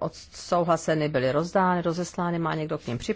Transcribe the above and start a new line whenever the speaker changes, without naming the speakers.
odsouhlaseny, byly rozdány, rozeslány, má někdo k ním připomínky?